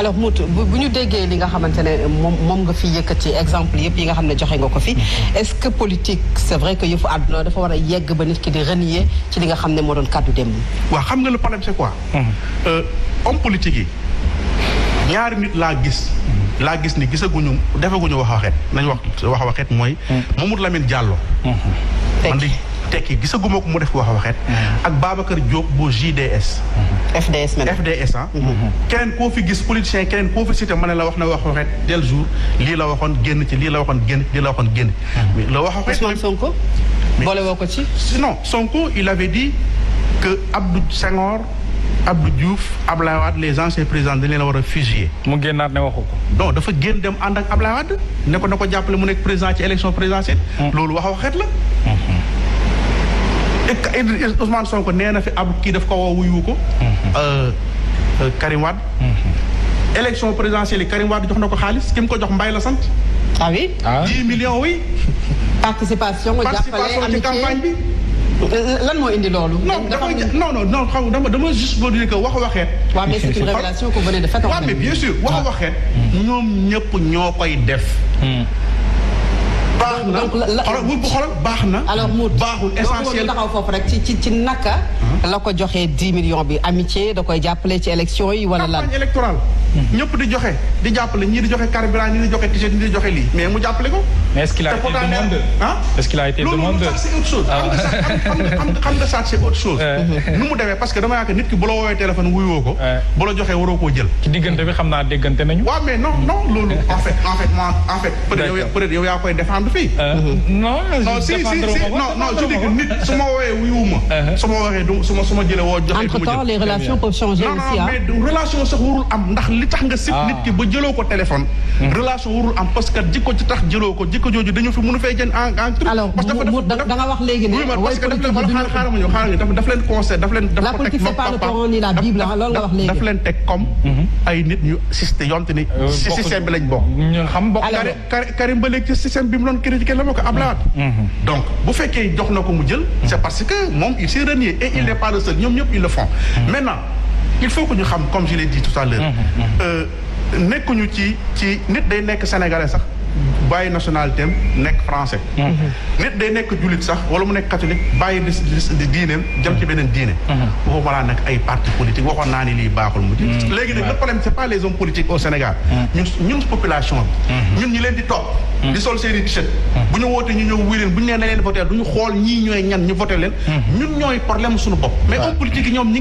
alors Mout bu ñu déggee li nga xamante ne moom moom nga fi yëkkati exemple yëpp yi nga xam ne joxe nga ko fi mhm. est-ce que politique c'est vrai que yëfu àdduna dafa war a yegg ba nit ki di renier ci li nga xam ne moo doon kàddu dem waaw xam nga le problème c'est quoi mhm. euh, homme politique yi ñaari nit laa gis mhm. laa gis ni gisaguñu defaguñu wax waxet nañ wax wax waxet mooy Mamadou Lamine Diallo man di tekki gisaguma ko mu def wax waxeet mm-hmm. ak Babacar Diop bu JDS mm-hmm. FDS FDS ah mm-hmm. keneen koo fi gis politicien keneen koo fi cité ma ne la wax na wax waxeet tel jour lii la waxoon génn ci lii la waxoon génn lii la waxoon génn la wax waxeet Sonko boole woo ko ci non Sonko il avait dit que Abdou Senghor Abdou Diouf Ablaye Wade les anciens présidents dañ leen war a fusiller. mu génnaat ne waxu ko. non dafa génn dem ànd ak Ablaye Wade ne ko na ko jàppale mu nekk président ci élection présidentielle. loolu wax waxet la. Ousmane Sonko nee na fi ab kii def ko woo wuyu ko. Euh, euh, Karim Wade. élection présidentielle yi Karim jox na ko xaalis ki ko jox mbay la sant. ah oui ah 10 millions oui. participation nga jàppale ci campagne bi. Euh, lan moo indi loolu. non non non non xam dama dama juste pour dire que wax waxeet. waaw mais c'est une révélation que vous venez de faire. waaw mais bien sûr wax ah. waxeet. ñoom ñëpp ñoo koy def. Hmm. baax na xoolal bu xoolal baax na. alors mu baaxul essentiel taxaw foofu rek ci ci ci naka. la ko joxee dix millions bi amitié da koy jàppale ci élection yi wala lan. campagne électorale. ñëpp di joxe di jàppale ñii di joxe carburant ñii di joxe t-shirt ñii di joxe lii mais mu jàppale ko. mais est-ce qu'il a été demandeur ah est-ce qu'il a été demandeur loolu sax c'est autre chose. Ah. xam nga xam nga xam nga sax c'est autre chose. nu mu demee parce que dama yaakaar nit ki bu la woowee téléphone wuyoo ko. bu la joxee waroo koo jël. ci diggante bi xam naa déggante nañu. waaw mais non non loolu en fait en fait en fait peut-être yow yaa koy défendre fii. Euh, euh, non non si si si nit su ma woowee wuyuwuma. Euh, su ma waxee du su ma su woo joxe. entre temps les relations peuvent changer am ndax li tax nga sib ah. nit ki ba jëloo ko téléphone. Hmm. relation warul am parce jikko ci tax jëloo ko jikko jooju dañu fi mënu fee jën en en truc. alors da wax léegi ne. parce daf leen xaaral daf leen conseil daf leen. teg comme hmm. ay nit ñu système yoon te ni. si bi lañ bokk. Karim ba léegi ci système bi mu doon doon critiquer la ma ko Ablaye mm-hmm. Mm-hmm. donc bu fekkee jox na ko mu jël mm-hmm. c'est parce que moom il s'est renié et il n'est pas le seul ñoom ñëpp ils le font maintenant il faut que ñu xam comme je l'ai dit tout à l'heure euh, nekkuñu ci ci nit day nekk sénégalais sax bàyyi nationalité am nekk français. Mhm. nit day nekk jullit sax wala mu nekk catholique bàyyi di diineem jëm ci beneen diine. foofu mhm. balaa nag ay parti politique waxoon naa ni lii baaxul mu ji. Mhm. léegi nag le problème c'est pas les hommes politiques au Sénégal. ñun ñun population bi. ñun ñi leen di topp. di sol seen i t-shirt. bu ñu wootee ñu ñëw wuy leen bu ñu nee na leen voté du ñu xool ñii ñooy ñan ñu voté leen. ñun ñooy problème suñu bopp. mais hommes politiques ñoom ñi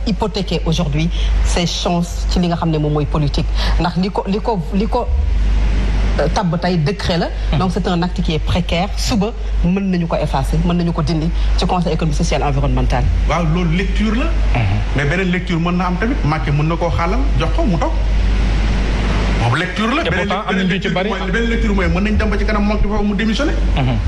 ngi hypothéquer aujourd'hui ses chances ci li nga xam ne moom mooy politique ndax li ko li ko li ko euh, tab tey décret la hmm. donc c'est un acte qui est précaire suba mën nañu ko effacer mën nañu ko dindi ci conseil économique social environnemental waaw loolu lecture la hmm. mais beneen lecture mën na am tamit Macky mën na koo xaalal jox ko mu toog moom lecture la beneen lecture mooy mën nañ dem ba ci kanam moom ci foofu mu démissionné hmm.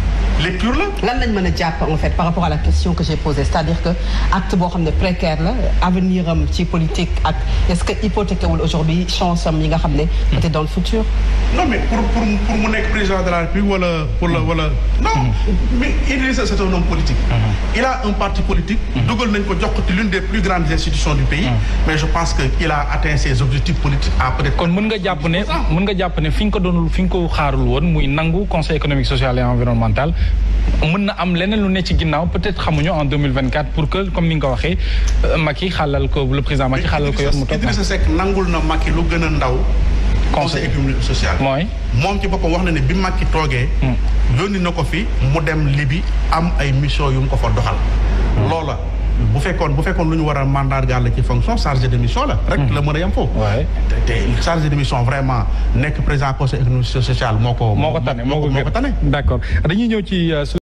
lecture la. lan lañ mën a jàpp en fait par rapport à la question que j'ai posée c'est-à-dire que acte boo xam ne précaire la avenir am ci politique ak est-ce que hypothéqué aujourd'hui chance am yi nga xam ne. peut dans le futur. non pour pour pour président de la République wala pour la uh-huh. uh-huh. ko jox ko l'une des plus grandes institutions du pays. Uh-huh. mais je pense que il a atteint ses objectifs politiques à peut nga jàpp ne mën nga jàpp ne fi ñu ko doonul fi ñu ko xaarul woon muy nangu conseil économique social et environnemental. mën na am leneen lu ne ci ginnaaw peut-être xamuñu en 2024 pour que comme ni nga ko waxee i euh, xàllal ko le président Macky xàllal ko yor mu toog nangul na i lu gën a ndaw conseil économique social mooy moom ci boppam wax na ne bi Macky toogee hmm. yónni na ko fi mu dem Libye am ay mission yu mu ko fa doxal hmm. loola bu fekkoon lu ñu war a mandargaal la ci fonction chargé de mission la. rek mhm. la mën a yem foofu. te chargé de mission vraiment nekk président conseil économique social moo ko. moo ko tane moo ko tane. d'accord dañuy ñëw ci. Euh,